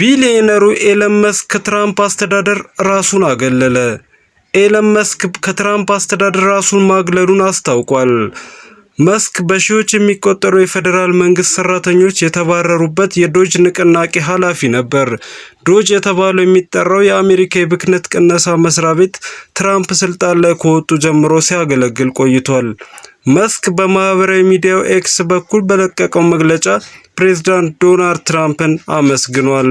ቢሊዮነሩ ኤለን መስክ ከትራምፕ አስተዳደር ራሱን አገለለ። ኤለን መስክ ከትራምፕ አስተዳደር ራሱን ማግለሉን አስታውቋል። መስክ በሺዎች የሚቆጠሩ የፌዴራል መንግስት ሰራተኞች የተባረሩበት የዶጅ ንቅናቄ ኃላፊ ነበር። ዶጅ የተባለው የሚጠራው የአሜሪካ የብክነት ቅነሳ መስሪያ ቤት ትራምፕ ስልጣን ላይ ከወጡ ጀምሮ ሲያገለግል ቆይቷል። መስክ በማህበራዊ ሚዲያው ኤክስ በኩል በለቀቀው መግለጫ ፕሬዝዳንት ዶናልድ ትራምፕን አመስግኗል።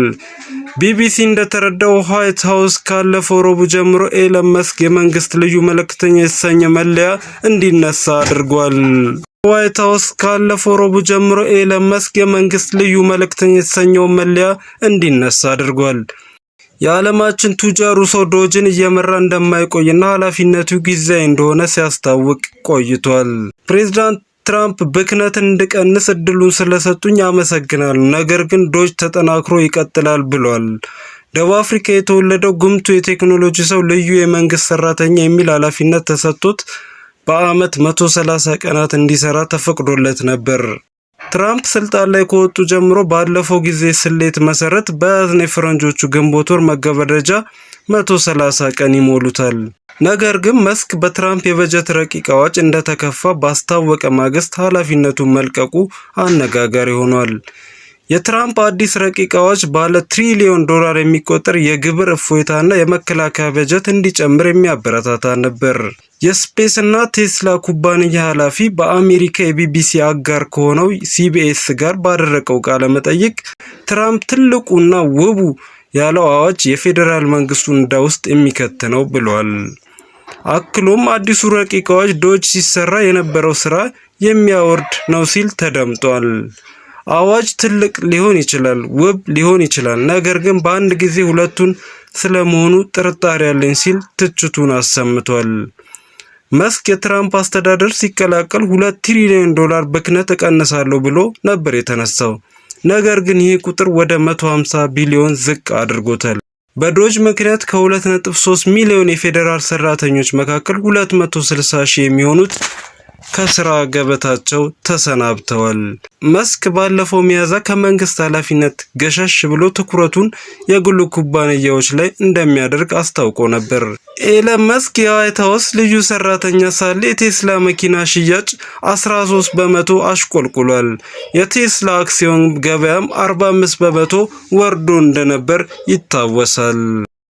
ቢቢሲ እንደተረዳው ዋይት ሀውስ ካለፈው ረቡዕ ጀምሮ ኤለን መስክ የመንግስት ልዩ መልእክተኛ የተሰኘ መለያ እንዲነሳ አድርጓል። ዋይት ሀውስ ካለፈው ረቡዕ ጀምሮ ኤለን መስክ የመንግስት ልዩ መልእክተኛ የተሰኘውን መለያ እንዲነሳ አድርጓል። የዓለማችን ቱጃሩ ሰው ዶጅን እየመራ እንደማይቆይና ኃላፊነቱ ጊዜያዊ እንደሆነ ሲያስታውቅ ቆይቷል። ፕሬዚዳንት ትራምፕ ብክነት እንድቀንስ እድሉን ስለሰጡኝ አመሰግናል፣ ነገር ግን ዶጅ ተጠናክሮ ይቀጥላል ብሏል። ደቡብ አፍሪካ የተወለደው ጉምቱ የቴክኖሎጂ ሰው ልዩ የመንግስት ሰራተኛ የሚል ኃላፊነት ተሰጥቶት በአመት 130 ቀናት እንዲሰራ ተፈቅዶለት ነበር። ትራምፕ ስልጣን ላይ ከወጡ ጀምሮ ባለፈው ጊዜ ስሌት መሰረት በፈረንጆቹ ግንቦት ወር መገባደጃ 130 ቀን ይሞሉታል። ነገር ግን መስክ በትራምፕ የበጀት ረቂቅ አዋጅ እንደተከፋ ባስታወቀ ማግስት ኃላፊነቱን መልቀቁ አነጋጋሪ ሆኗል። የትራምፕ አዲስ ረቂቅ አዋጅ ባለ ትሪሊዮን ዶላር የሚቆጠር የግብር እፎይታና የመከላከያ በጀት እንዲጨምር የሚያበረታታ ነበር። የስፔስ እና ቴስላ ኩባንያ ኃላፊ በአሜሪካ የቢቢሲ አጋር ከሆነው ሲቢኤስ ጋር ባደረቀው ቃለ መጠይቅ ትራምፕ ትልቁና ውቡ ያለው አዋጅ የፌዴራል መንግስቱን ዕዳ ውስጥ የሚከት ነው ብሏል። አክሎም አዲሱ ረቂቅ አዋጅ ዶጅ ሲሰራ የነበረው ስራ የሚያወርድ ነው ሲል ተደምጧል። አዋጅ ትልቅ ሊሆን ይችላል፣ ውብ ሊሆን ይችላል። ነገር ግን በአንድ ጊዜ ሁለቱን ስለመሆኑ ጥርጣሬ ያለኝ ሲል ትችቱን አሰምቷል። መስክ የትራምፕ አስተዳደር ሲቀላቀል ሁለት ትሪሊዮን ዶላር ብክነት እቀንሳለሁ ብሎ ነበር የተነሳው። ነገር ግን ይህ ቁጥር ወደ 150 ቢሊዮን ዝቅ አድርጎታል። በዶጅ ምክንያት ከ2.3 ሚሊዮን የፌዴራል ሰራተኞች መካከል 260 ሺህ የሚሆኑት ከስራ ገበታቸው ተሰናብተዋል። መስክ ባለፈው ሚያዝያ ከመንግስት ኃላፊነት ገሸሽ ብሎ ትኩረቱን የግሉ ኩባንያዎች ላይ እንደሚያደርግ አስታውቆ ነበር። ኤለን መስክ የዋይት ሀውስ ልዩ ሰራተኛ ሳለ የቴስላ መኪና ሽያጭ 13 በመቶ አሽቆልቁሏል። የቴስላ አክሲዮን ገበያም 45 በመቶ ወርዶ እንደነበር ይታወሳል።